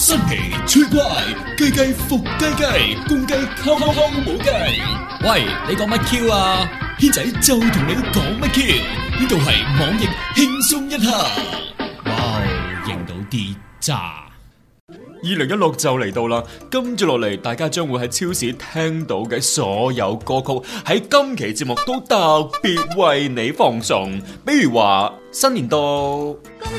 新奇趣怪，雞雞伏雞雞，公雞敲敲敲冇雞。喂，你講乜 Q 啊？軒仔就同你講乜 Q？呢度係網易輕鬆一刻。哇、wow，認到啲咋。二零一六就嚟到啦，跟住落嚟，大家將會喺超市聽到嘅所有歌曲，喺今期節目都特別為你放送。比如話新年到。公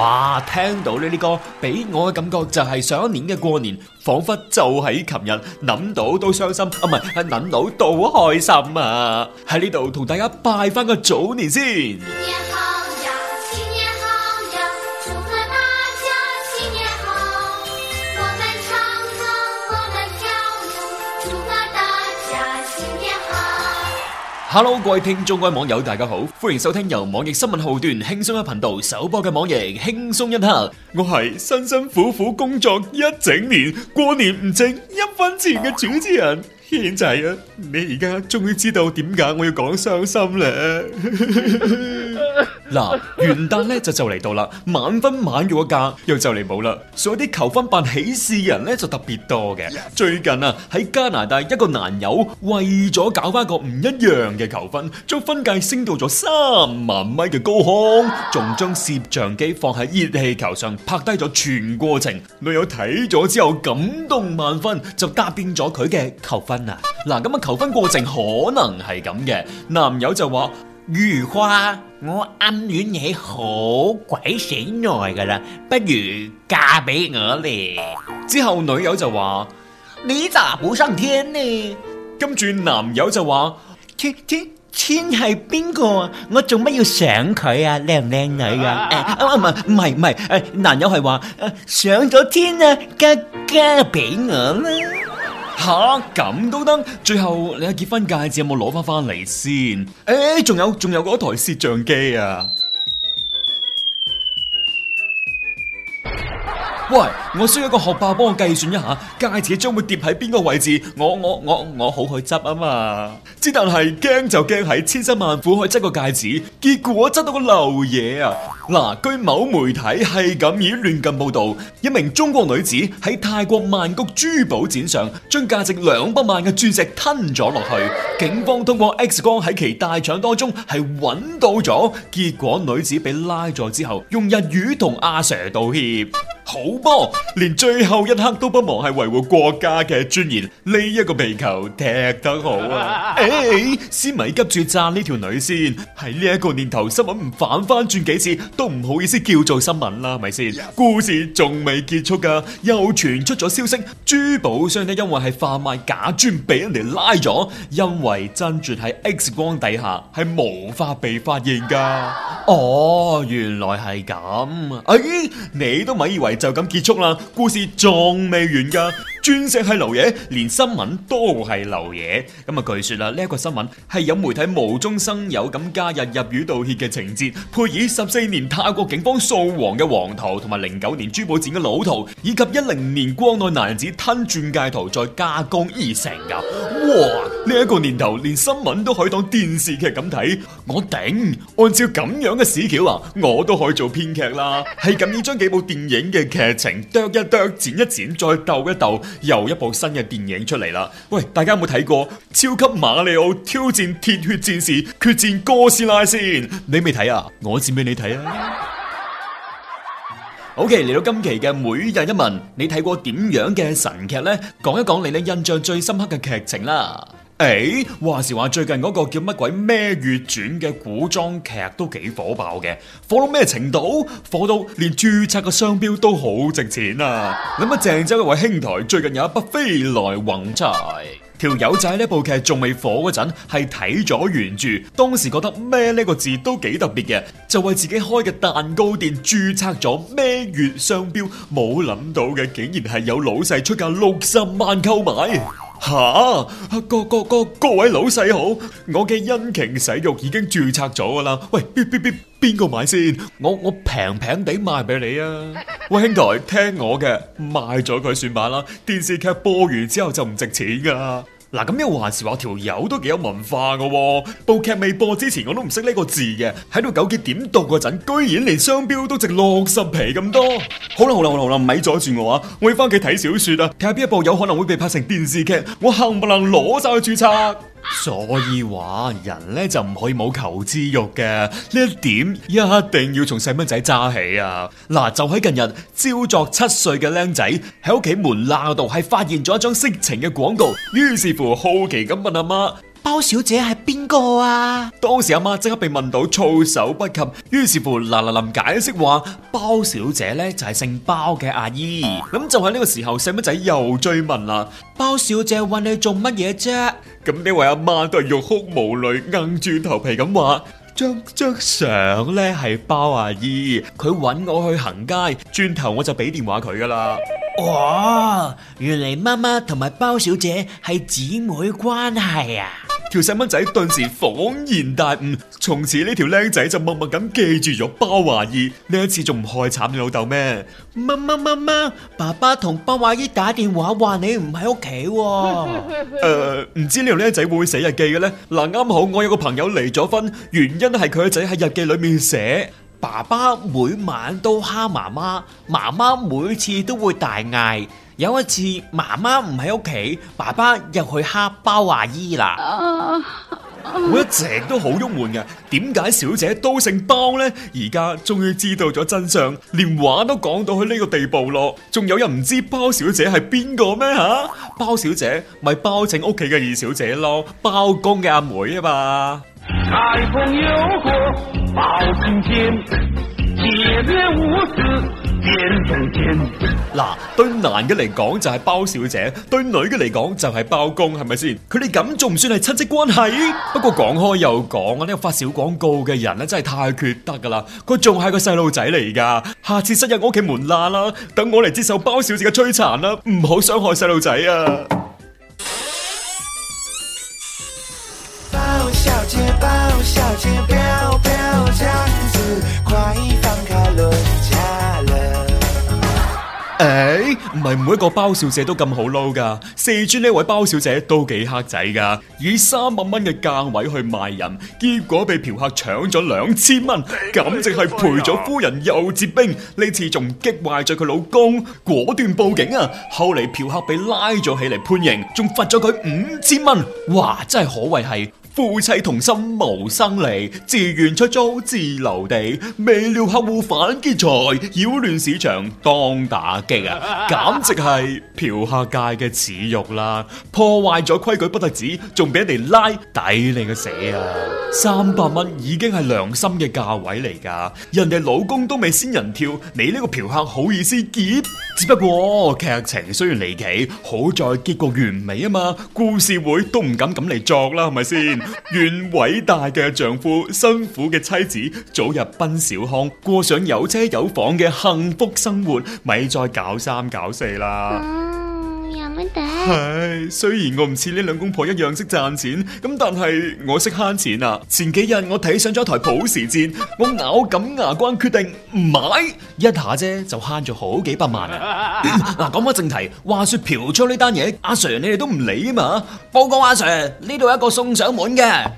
哇！聽到呢啲歌，俾我嘅感覺就係上一年嘅過年，彷彿就喺琴日。諗到都傷心，啊唔係，係諗到都開心啊！喺呢度同大家拜翻個早年先。 Hello，各位聽眾、各位網友，大家好，歡迎收聽由網易新聞號段輕鬆一頻道首播嘅網易輕鬆一刻。我係辛辛苦苦工作一整年，過年唔剩一分錢嘅主持人，賢仔啊，你而家終於知道點解我要講傷心啦。 嗱，元旦咧就就嚟到啦，晚婚晚育嘅假又就嚟冇啦，所以啲求婚辦喜事嘅人咧就特別多嘅。最近啊，喺加拿大一個男友為咗搞翻個唔一樣嘅求婚，將婚戒升到咗三萬米嘅高空，仲將攝像機放喺熱氣球上拍低咗全過程，女友睇咗之後感動萬分，就答應咗佢嘅求婚啊！嗱，咁啊，求婚過程可能係咁嘅，男友就話。如花，我暗戀你好鬼死耐噶啦，不如嫁俾我咧。之後女友就話：你咋不上天呢？跟住男友就話：天天天係邊個啊？我做乜要上佢啊？靚唔靚女啊？誒、啊，唔係唔係唔係，誒，男友係話：上咗天啊，嫁嫁俾我啦！吓，咁都得！最後你個結婚戒指有冇攞翻翻嚟先？誒、欸，仲有仲有嗰台攝像機啊！喂！我需要一個學霸幫我計算一下戒指將會跌喺邊個位置，我我我我好去執啊嘛！之但係驚就驚喺千辛萬苦去執個戒指，結果執到個流嘢啊！嗱，據某媒體係咁以亂咁報道，一名中國女子喺泰國曼谷珠寶展上，將價值兩百萬嘅鑽石吞咗落去，警方通過 X 光喺其大腸當中係搵到咗，結果女子被拉咗之後，用日語同阿 Sir 道歉，好啵？連最後一刻都不忘係維護國家嘅尊嚴，呢一個皮球踢得好啊！誒，先咪急住讚呢條女先，喺呢一個年頭新聞唔反翻轉幾次都唔好意思叫做新聞啦，咪先？故事仲未結束噶，又傳出咗消息，珠寶商呢因為係販賣假鑽俾人哋拉咗，因為真鑽喺 X 光底下係無法被發現噶。哦，原來係咁啊！誒，你都咪以為就咁結束啦？故事仲未完噶，鑽石係流嘢，連新聞都係流嘢。咁啊，據說啦，呢、這、一個新聞係有媒體無中生有咁加入日語道歉嘅情節，配以十四年泰國警方掃黃嘅黃圖，同埋零九年珠寶展嘅老圖，以及一零年國內男子吞鑽戒圖再加工而成噶，哇！呢一個年頭，連新聞都可以當電視劇咁睇，我頂！按照咁樣嘅屎橋啊，我都可以做編劇啦。係咁，要將幾部電影嘅劇情剁一剁、剪一剪、剪一剪再鬥一鬥，又一部新嘅電影出嚟啦。喂，大家有冇睇過《超級馬里奧挑戰鐵血戰士決戰哥斯拉》先？你未睇啊？我剪俾你睇啊！OK，嚟到今期嘅每日一問，你睇過點樣嘅神劇呢？講一講你咧印象最深刻嘅劇情啦。誒、欸，話時話最近嗰個叫乜鬼羋月傳嘅古裝劇都幾火爆嘅，火到咩程度？火到連注冊個商標都好值錢啊！諗下鄭州一位兄台最近有一筆飛來橫財，條友仔呢部劇仲未火嗰陣係睇咗原著，當時覺得羋呢個字都幾特別嘅，就為自己開嘅蛋糕店注冊咗羋月商標，冇諗到嘅竟然係有老細出價六十萬購買。吓，各各各各位老細好，我嘅《恩情洗浴》已經注冊咗噶啦。喂，邊邊邊邊個買先？我我平平地賣俾你啊！ 喂，兄台，聽我嘅，賣咗佢算罷啦。電視劇播完之後就唔值錢噶。嗱，咁又話時話，條友都幾有文化嘅喎，部劇未播之前我都唔識呢個字嘅，喺度糾結點讀嗰陣，居然連商標都值六十皮咁多。好啦好啦好啦，唔係阻住我啊，我要翻屋企睇小說啊。睇下邊一部有可能會被拍成電視劇，我冚唪唥攞晒去註冊？所以話人咧就唔可以冇求知欲嘅呢一點，一定要從細蚊仔揸起啊！嗱、啊，就喺近日焦作七歲嘅靚仔喺屋企門罅度係發現咗一張色情嘅廣告，於是乎好奇咁問阿、啊、媽。包小姐係邊個啊？當時阿媽即刻被問到措手不及，於是乎嗱嗱臨解釋話：包小姐呢就係、是、姓包嘅阿姨。咁、嗯、就喺呢個時候，細蚊仔又追問啦：包小姐揾你做乜嘢啫？咁呢位阿媽都係欲哭無淚，硬轉頭皮咁話：張張相呢係包阿姨，佢揾我去行街，轉頭我就俾電話佢噶啦。哦，原嚟媽媽同埋包小姐係姊妹關係啊！條細蚊仔頓時恍然大悟，從此呢條靚仔就默默咁記住咗包華姨。呢一次仲唔害慘你老豆咩？媽媽媽媽，爸爸同包華姨打電話話你唔喺屋企喎。誒、呃，唔知呢條靚仔會唔會寫日記嘅咧？嗱，啱好我有個朋友離咗婚，原因係佢個仔喺日記裏面寫。爸爸每晚都蝦媽媽，媽媽每次都會大嗌。有一次媽媽唔喺屋企，爸爸又去蝦包阿姨啦。我、啊啊、一直都好鬱悶嘅，點解小姐都姓包呢？而家終於知道咗真相，連話都講到去呢個地步咯。仲有人唔知包小姐係邊個咩吓？包小姐咪、就是、包拯屋企嘅二小姐咯，包公嘅阿妹啊嘛。包青天，天，天，鐵面無私，天中天。嗱，對男嘅嚟講就係包小姐，對女嘅嚟講就係包公，係咪先？佢哋咁仲唔算係親戚關係？啊、不過講開又講，呢、呢個發小廣告嘅人咧，真係太缺德噶啦！佢仲係個細路仔嚟噶，下次塞入我屋企門罅啦，等我嚟接受包小姐嘅摧殘啦，唔好傷害細路仔啊包！包小姐，包小姐。誒，唔係、欸、每一個包小姐都咁好撈噶，四川呢位包小姐都幾黑仔噶，以三百蚊嘅價位去賣人，結果被嫖客搶咗兩千蚊，簡直係賠咗夫人又折兵，呢次仲激壞咗佢老公，果斷報警啊！後嚟，嫖客被拉咗起嚟判刑，仲罰咗佢五千蚊，哇，真係可謂係。夫妻同心無生理，自願出租自留地，未料客戶反劫財，擾亂市場當打擊啊！簡直係嫖客界嘅恥辱啦！破壞咗規矩不得止，仲俾人哋拉，抵你個死啊！三百蚊已經係良心嘅價位嚟噶，人哋老公都未先人跳，你呢個嫖客好意思劫？只不過劇情雖然離奇，好在結局完美啊嘛，故事會都唔敢咁嚟作啦，係咪先？願偉大嘅丈夫、辛苦嘅妻子早日奔小康，過上有車有房嘅幸福生活，咪再搞三搞四啦。係、哎，雖然我唔似呢兩公婆一樣識賺錢，咁但係我識慳錢啊！前幾日我睇上咗台普時戰，我咬緊牙關決定唔買一下啫，就慳咗好幾百萬啊！嗱，講翻正題，話說嫖娼呢單嘢，阿 Sir 你哋都唔理啊嘛？報告阿 Sir，呢度有一個送上門嘅。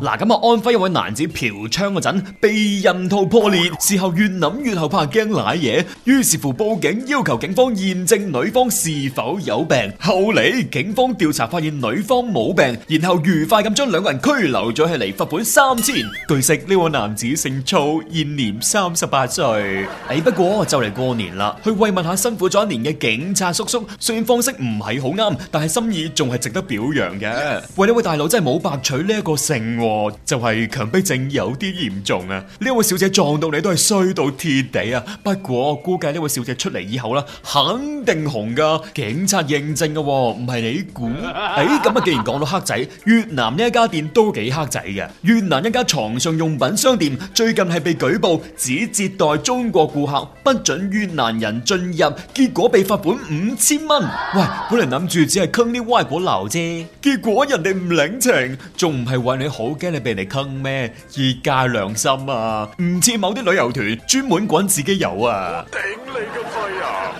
嗱，咁啊，安徽一位男子嫖娼嗰陣避孕套破裂，事後越諗越後怕，驚瀨嘢，於是乎報警要求警方驗證女方是否有病。後嚟警方調查發現女方冇病，然後愉快咁將兩個人拘留咗起嚟，罰款三千。據悉呢位男子姓曹，現年三十八歲。唉，不過就嚟過年啦，去慰問下辛苦咗一年嘅警察叔叔。雖然方式唔係好啱，但係心意仲係值得表揚嘅。喂，呢位大佬真係冇白取呢一個姓。就係強迫症有啲嚴重啊！呢位小姐撞到你都係衰到鐵地啊！不過估計呢位小姐出嚟以後啦，肯定紅噶，警察認證噶喎，唔係你估？誒，咁啊，欸、既然講到黑仔，越南呢一家店都幾黑仔嘅。越南一家床上用品商店最近係被舉報只接待中國顧客，不准越南人進入，結果被罰款五千蚊。喂，本嚟諗住只係坑啲歪果流啫，結果人哋唔領情，仲唔係為你好？驚你俾人哋坑咩？業界良心啊，唔似某啲旅遊團專門滾自己友啊！頂你個肺啊！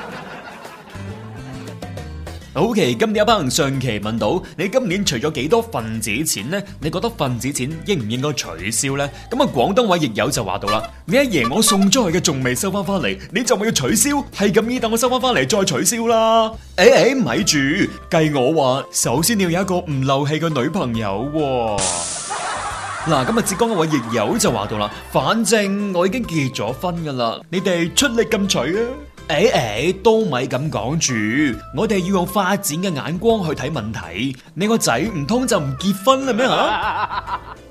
好期，今日一班人上期問到你今年除咗幾多份子錢呢？你覺得份子錢應唔應該取消呢？咁啊，廣東話亦有就話到啦：你阿爺我送咗去嘅仲未收翻翻嚟，你就咪要取消？係咁意，等我收翻翻嚟再取消啦！誒誒，咪住，計我話，首先你要有一個唔漏氣嘅女朋友。嗱，今日浙江一位亦友就話到啦，反正我已經結咗婚噶啦，你哋出力咁取啊！誒、欸、誒、欸，都咪咁講住，我哋要用發展嘅眼光去睇問題。你個仔唔通就唔結婚啦咩吓？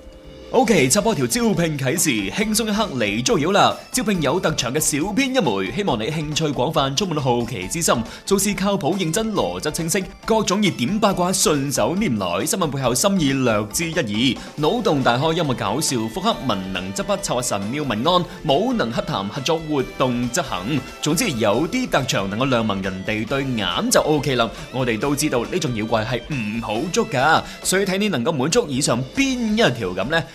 O.K. 插播條招聘啟事，輕鬆一刻嚟捉妖啦！招聘有特長嘅小編一枚，希望你興趣廣泛，充滿好奇之心，做事靠譜、認真、邏輯清晰，各種熱點八卦順手拈來，新聞背後心意略知一二，腦洞大開音樂搞笑，腹黑文能執筆策劃神妙文案，武能洽談合作活動執行。總之有啲特長能夠亮明人哋對眼就 O.K. 啦。我哋都知道呢種妖怪係唔好捉噶，所以睇你能夠滿足以上邊一條咁呢？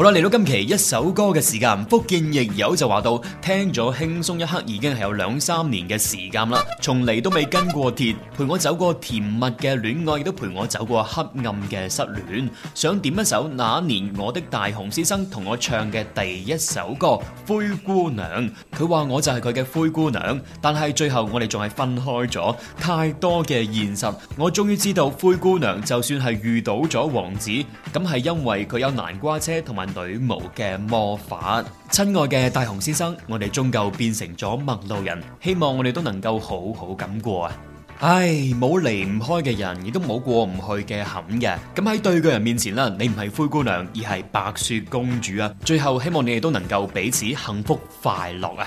好啦，嚟到今期一首歌嘅時間，福建亦友就話到聽咗輕鬆一刻，已經係有兩三年嘅時間啦，從嚟都未跟過鐵，陪我走過甜蜜嘅戀愛，亦都陪我走過黑暗嘅失戀。想點一首那年我的大雄先生同我唱嘅第一首歌《灰姑娘》，佢話我就係佢嘅灰姑娘，但係最後我哋仲係分開咗，太多嘅現實，我終於知道灰姑娘就算係遇到咗王子，咁係因為佢有南瓜車同埋。女巫嘅魔法，親愛嘅大雄先生，我哋終究變成咗陌路人，希望我哋都能夠好好咁過啊！唉，冇離唔開嘅人，亦都冇過唔去嘅坎嘅，咁喺對嘅人面前啦，你唔係灰姑娘，而係白雪公主啊！最後，希望你哋都能夠彼此幸福快樂啊！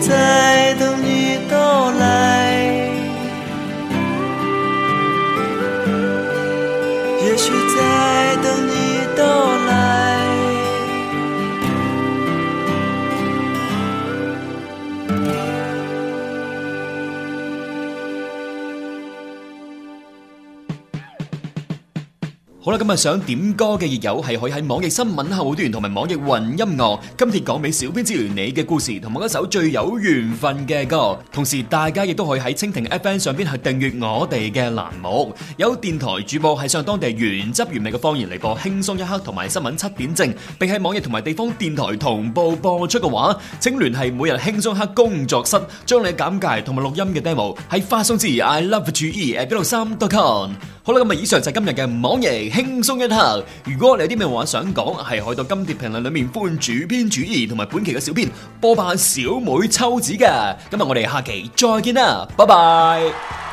在等你到來，也許在等。好啦，今日想點歌嘅熱友係可以喺網易新聞客戶端同埋網易雲音樂，今天講俾小編知完你嘅故事，同埋一首最有緣分嘅歌。同時，大家亦都可以喺蜻蜓 FM 上邊去訂閱我哋嘅欄目。有電台主播係上當地原汁原味嘅方言嚟，播輕鬆一刻同埋新聞七點正，並喺網易同埋地方電台同步播出嘅話，請聯繫每日輕鬆一刻工作室，將你嘅簡介同埋錄音嘅 demo 喺發送至 i love to eat at 163 dot com。好啦，咁啊，以上就係今日嘅網易，輕鬆一刻。如果你有啲咩話想講，係可以到金蝶評論裏面歡迎主編、主義同埋本期嘅小編播放小妹抽子嘅。今日我哋下期再見啦，拜拜。